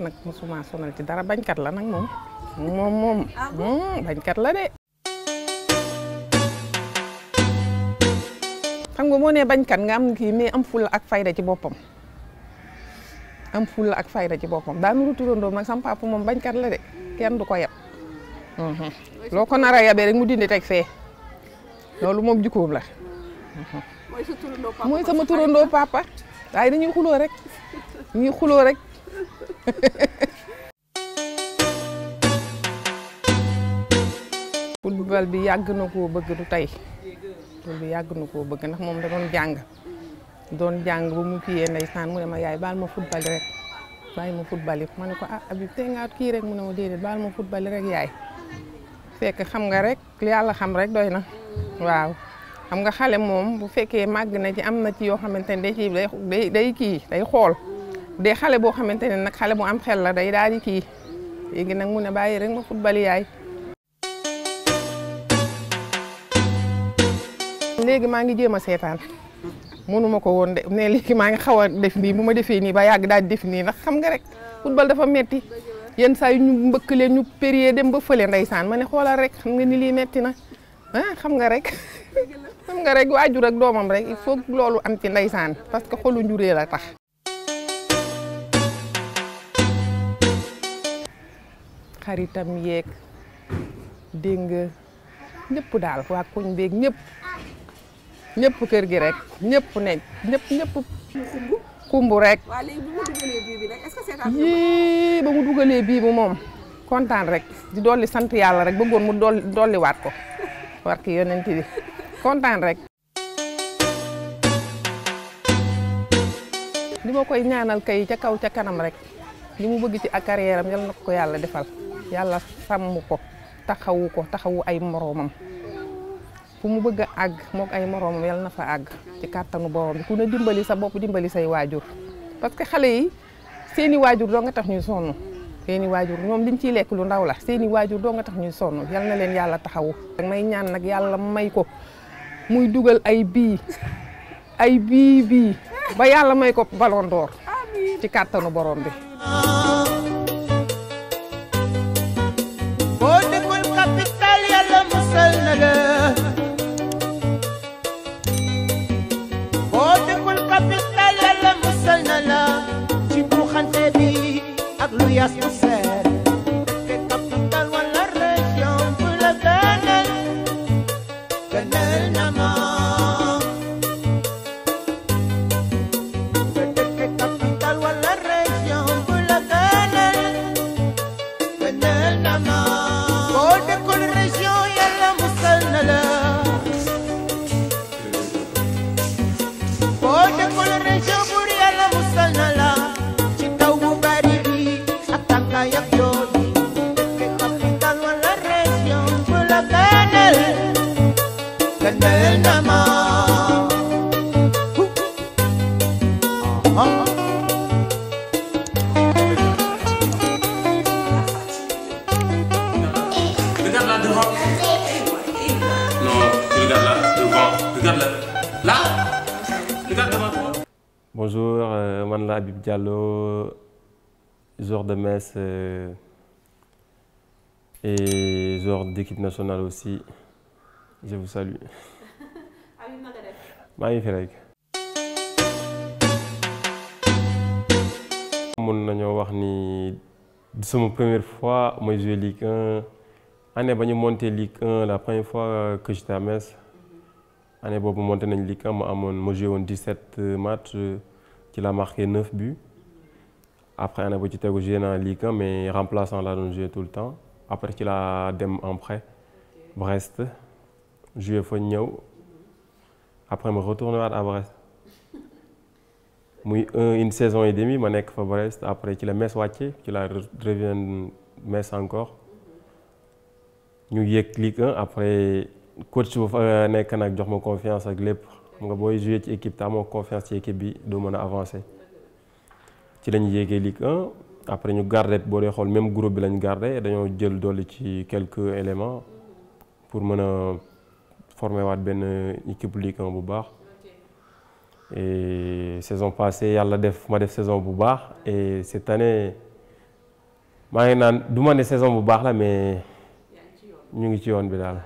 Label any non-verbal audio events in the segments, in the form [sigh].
nag mosuma sonal ci dara bañkat la nag moom moom moom ah bañkat la de. xam nga moo nee bañkat nga am kii mais am fulla ak fayda ci boppam am fulla ak fayda ci boppam daanu turandoom nag sam papa moom bañkat la de kenn du ko yab. Mhm. loo ko nar a rek mu dindi teg fee loolu moom jikkoom la. mooy sama turandoo papa waaye dañuy xuloo rek rek. [laughs] football bi yàgg na koo bëgg du tey football bi yàgg na koo bëgg ndax moom da doon jàng doon jàng ba mu kiyee ndeysaan mu ne ma yaay baal ma football rek bàyyi ma football yi ma ne ko ah Habib tey ngaa kii rek mu ne ma déedéet baal ma football rek yaay fekk xam nga rek yàlla xam rek doy na waaw xam nga xale moom bu fekkee màgg na ci am na ci yoo xamante ne day day day kii day xool. de xale boo xamante ne nag xale bu am xel la day daal di kii léegi nag mu ne bàyyi rek ma football yaay. léegi maa ngi jéem a seetaan mënuma ko woon de ne léegi maa ngi xaw a def nii mu ma defee nii ba yàgg daal di def nii ndax xam nga rek football dafa metti yenn saa ñu mbëkk leen ñu périer dem ba fële ndeysaan ma ne xoolal rek xam nga ni lii metti na ah xam nga rek [laughs] xam nga rek waajur ak doomam rek il loolu am ci ndeysaan parce que xolu njuree la tax. xaritam yeeg dégg nga ñëpp daal waa koñ beeg ñépp ñëpp kër gi rek ñëpp ne ñëpp ñëpp kumbu rek yii ba mu dugalee bii moom kontaan rek di dolli sant yàlla rek ba bëggoon mu dolli dolliwaat ko war ki yonent bi kontaan rek li ma koy ñaanal kay ca kaw ca kanam rek li mu bëgg ci ak carrière am yal na ko ko yàlla defal yalla sam ko taxawu ko taxawu ay moromam fu mu bëgg ag mok ay moroomam yalla na fa àgg ci kartanu borom ku na dimbali sa bop dimbali say wajur parce que xalé yi seeni wajur do nga tax ñu sonu seeni wajur ñom liñ ci lek lu ndaw la seeni wajur do nga tax ñu sonu yal na leen yalla taxawu may ñaan nak yalla may ko muy duggal ay bi ay bi bi ba yalla may ko ballon d'or ci borom bi Yes. Bonjour, euh, man la Habib Diallo, joueur de Metz euh, et joueur d'équipe nationale aussi. Je vous salue. [laughs] Habib Magalef. Maï Ferek. Mon nañu wax ni c'est ma première fois moi jouer Ligue 1. Année bañu monter Ligue 1 la première fois que j'étais à Metz. Mhm. année boobu monté nañ Ligue 1 ma amoon ma joué 17 euh, matchs euh, qu'il a marqué 9 buts. Après, il a joué joué en Ligue 1, mais remplaçant là, on jouait tout le temps. Après qu'il a dem en prêt, Brest, joué Fognou. Après, me retourne à Brest. une saison et demie, je suis à Brest. Après, qu'il a Metz Waké, qu'il a revenu Metz encore. Nous y Ligue 1. Après, coach, euh, je suis confiance avec l'épreuve nga boy joué ci équipe te amoo confiance ci équipe bi doo mën a avancé ci lañ yéegee Ligue 1 après ñu garder boo dee xool même groupe bi lañ garder dañoo jël dolli ci quelques éléments pour mën a former waat benn équipe Ligue 1 bu baax et saison passée yàlla def ma def saison bu baax et cette année maa ngi naan du ma ne saison bu baax la mais ñu ngi ci yoon bi daal.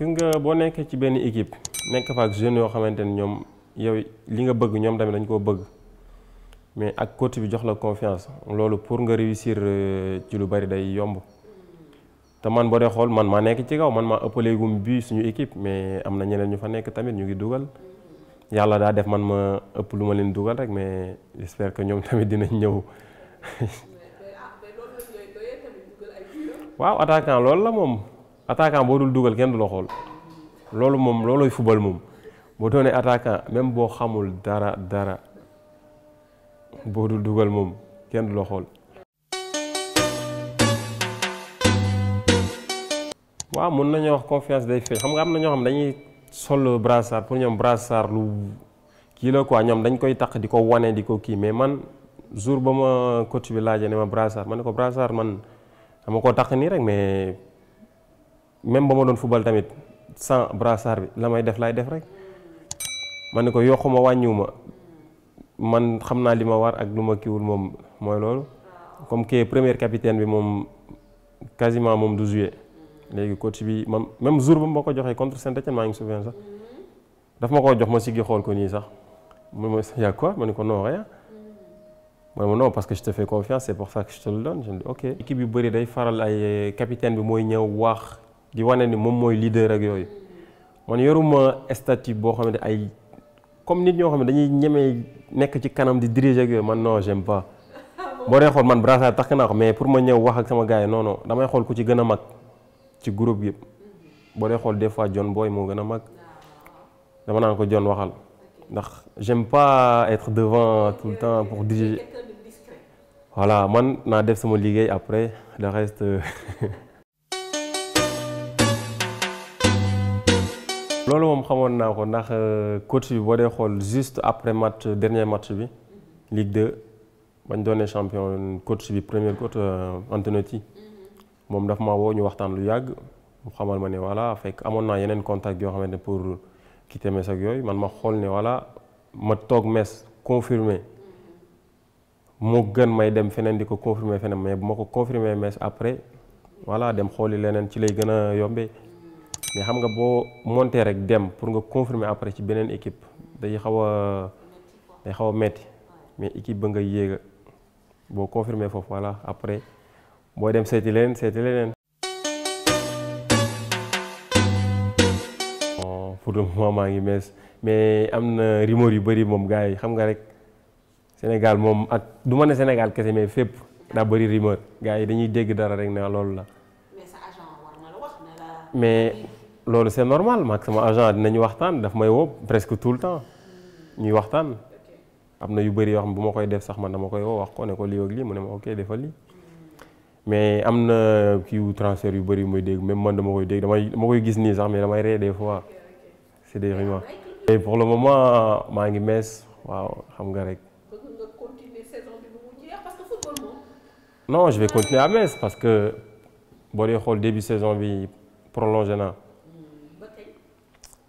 gis nga boo nekkee ci benn équipe nekk fa ak jeunes yoo xamante ni ñoom yow li nga bëgg ñoom tamit dañ koo bëgg mais ak coach bi jox la confiance loolu pour nga réussir euh, ci lu bari day yomb te man boo dee xool man ma nekk ci kaw man maa ëppaleegum bi suñu équipe mais am na ñeneen ñu fa nekk tamit ñu ngi dugal yàlla daa def man ma ëpp lu ma leen dugal rek mais j'espère que ñoom tamit dinañ ñëw. waaw attaquant loolu la moom. attaquant bo dul dugal kenn du lo xol lolu mom loloy fubal mom bo doone attaquant même bo xamul dara dara bo dul dugal mom kenn du lo xol wa mën nañu wax confiance day feeñ xam nga am nañu xam dañuy sol brassard pour ñom brassard lu ki la quoi ñom dañ koy tak di ko diko di mais man jour ba ma coach bi laaje ne ma brassard man ko brassard man dama ko tak ni rek mais. même ba ma football tamit sans brassard bi la def lay def rek Maniko ne ko man xamna lima war ak luma kiwul mom moy lolu comme que premier capitaine bi mom quasiment mom 12 juillet léegi coach bi man même jour ba ma ko contre saint Etienne maa ngi souvenir sax daf mako jox ma sigi xol ko ni sax mu y'a quoi Maniko non rien ma non parce que je te fais confiance c'est pour ça que je te le donne je dis ok L'équipe du bëri day faral ay capitaine bi mooy ñëw wax di wane ni mom moy leader ak yoy man yoruma statut bo xamné ay comme nit ñoo xamné dañuy ñëmé nek ci kanam di diriger ak yooyu man non j'aime pas bo dee xol man brassard takk na ko mais pour ma ñëw wax ak sama gaay non non damay xol ku ci gëna mag ci groupe yëpp bo dee xol des fois John Boy mo gëna mag dama naan ko John waxal ndax j'aime pas être devant tout le temps pour diriger voilà man na def sama liggéey après le reste. Euh, [laughs] loolu moom xamoon naa ndax euh, coach bi boo dee xool juste après match dernier match bi Ligue 2 bañ donné champion coach bi premier coach euh, Antonetti mom daf ma wo ñu waxtaan lu yagg mu xamal ma ne voilà fek amon na yenen contact yo xamné pour quitter Metz ak yoy man ma xol né voilà ma tok Metz confirmé moo gën may dem fenen diko ko confirmé feneen mais bu mako ko confirmé Metz après voilà dem xoli lenen ci lay gëna yombé mais xam nga monter rek dem pour confirmer après ci benen équipe day xawa day xawa metti mais équipe ba nga yéga bo confirmer voilà après bo dem séti séti pour le moment mais rumeur yu xam nga rek Sénégal mom ak du Sénégal mais da dañuy dara rek mais agent na la wax mais loolu c'est normal maag sama agent dinañu waxtaan daf may wo presque tout le temps ñuy waxtaan Amna yu bari yo xam buma koy def sax man dama koy woo wax ko ne ko lii ak lii mu ne ma ok dafa lii mais amna na kiiwu transfert yu bari moy deg même man dama koy deg damay dama koy gis ni sax mais damay ree des fois c'est des rumeurs et pour le moment ma ngi mees waaw xam nga rek non je vais continuer à Metz parce que boo le xool début saison bi prolongé naa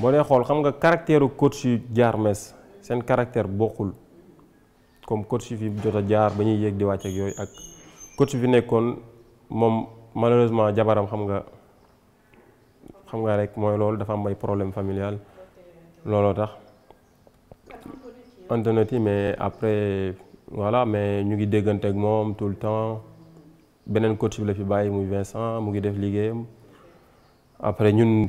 boo dee xool xam nga caractère coach yu jaar Metz caractère bokkul comme coach yu fi jot a jaar ba ñuy yéeg di wàcc ak yooyu ak coach bi nekkoon moom malheureusement jabaram xam nga xam nga rek mooy loolu dafa am ay problème familial looloo tax Antonetti mais après voilà mais ñu ngi déggante ak moom tout le temps beneen coach bi la fi bàyyi muy Vincent mu ngi def liggéeyam après ñun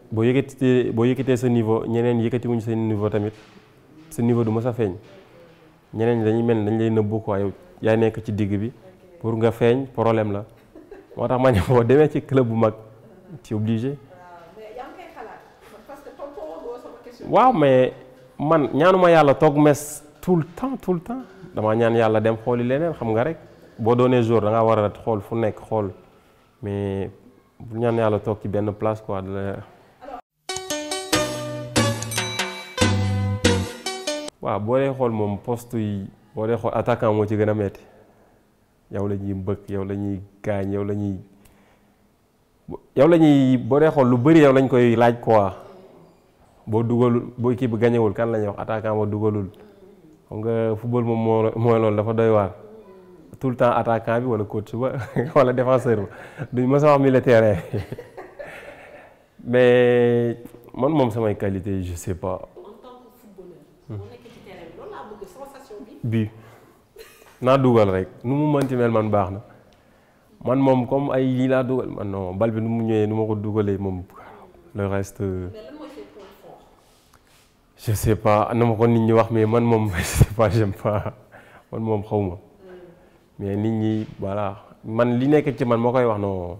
boo yëkkatee boo yëkkatee sa niveau ñeneen yëkkatiwuñ sa niveau tamit sa niveau du mës feeñ ñeneen dañuy mel dañ lay nëbbu quoi yow yaa nekk ci digg bi pour nga feeñ problème la moo tax ma ne boo demee ci club bu mag ci obligé. Ah, waaw mais man ñaanuma yàlla toog mes tout le temps tout le temps damaa ñaan yàlla dem xooli leneen xam nga rek boo doonee jour dangaa war a xool fu nekk xool mais bu ñaan yàlla toog ci benn place quoi. wa boo dee xool moom poste yi boo dee xool attaquant moo ci gën a metti yow la ñuy mbëkk yow la ñuy gaañ yow la ñuy yow la lu bëri yow lañ koy laaj quoi boo dugalul boo équipe bi gañewul kan la ñuy wax attaquant boo dugalul football moom mo mooy loolu dafa doy waar tout le temps attaquant bi wala coach ba [laughs] wala défenseur ba duñ mës a wax militaire [laughs] mais man moom samay qualité je sais pas bi na dougal rek nu mu mënti mel man baxna man mom comme ay lii laa dugal man non bal bi nu mu ñëwee nu ma ko dugalee le reste je sais pas na ma nit ñi wax mais man mom [laughs] je sais pas j'aime pas man mom xawma mais nit ñi voilà man li nekk ci man makoy wax non.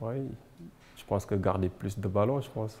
Oui, je pense que garder plus de ballons, je pense.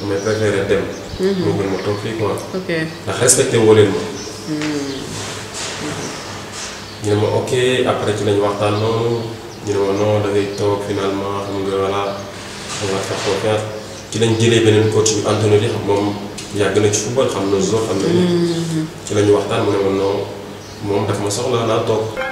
damay préféré dem. Mhm. mu gën ma toog fii quoi. ndax respecté woo leen ma. Mhm. ñu ne ma ok après ci lañ waxtaan noonu ñu ne ma non dangay toog finalement xam nga voilà xam nga faire confiance ci lañ jëlee beneen coach bi Anthony li xam moom yàgg na ci football xam na zo xam na ni. Mhm. ci lañ waxtaan mu ne ma non moom daf ma soxla laa toog.